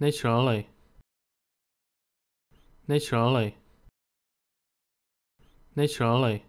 naturally naturally naturally